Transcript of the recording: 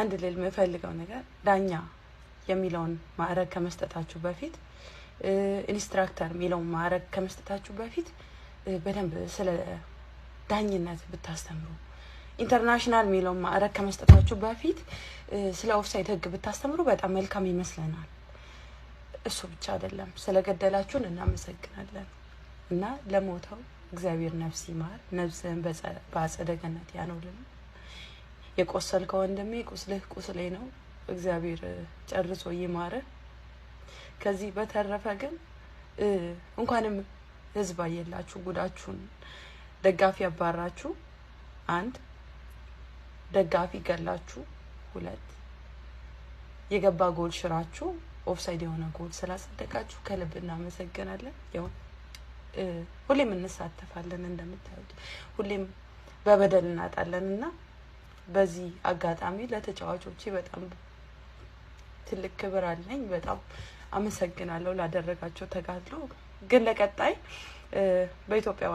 አንድ ልል የምፈልገው ነገር ዳኛ የሚለውን ማዕረግ ከመስጠታችሁ በፊት ኢንስትራክተር የሚለውን ማዕረግ ከመስጠታችሁ በፊት በደንብ ስለ ዳኝነት ብታስተምሩ፣ ኢንተርናሽናል የሚለውን ማዕረግ ከመስጠታችሁ በፊት ስለ ኦፍሳይድ ሕግ ብታስተምሩ በጣም መልካም ይመስለናል። እሱ ብቻ አይደለም፣ ስለገደላችሁን እናመሰግናለን እና ለሞተው እግዚአብሔር ነፍስ ይማር፣ ነፍስህን በአጸደ ገነት ያኖርልን። የቆሰልከው ወንድሜ ቁስልህ ቁስሌ ነው። እግዚአብሔር ጨርሶ ይማረ። ከዚህ በተረፈ ግን እንኳንም ህዝብ አየላችሁ ጉዳችሁን። ደጋፊ ያባራችሁ፣ አንድ ደጋፊ ገላችሁ፣ ሁለት የገባ ጎል ሽራችሁ ኦፍሳይድ የሆነ ጎል ስላጸደቃችሁ ከልብ እናመሰግናለን። ያው ሁሌም እንሳተፋለን እንደምታዩት፣ ሁሌም በበደል እናጣለን እና በዚህ አጋጣሚ ለተጫዋቾቼ በጣም ትልቅ ክብር አለኝ። በጣም አመሰግናለሁ ላደረጋቸው ተጋድሎ። ግን ለቀጣይ በኢትዮጵያ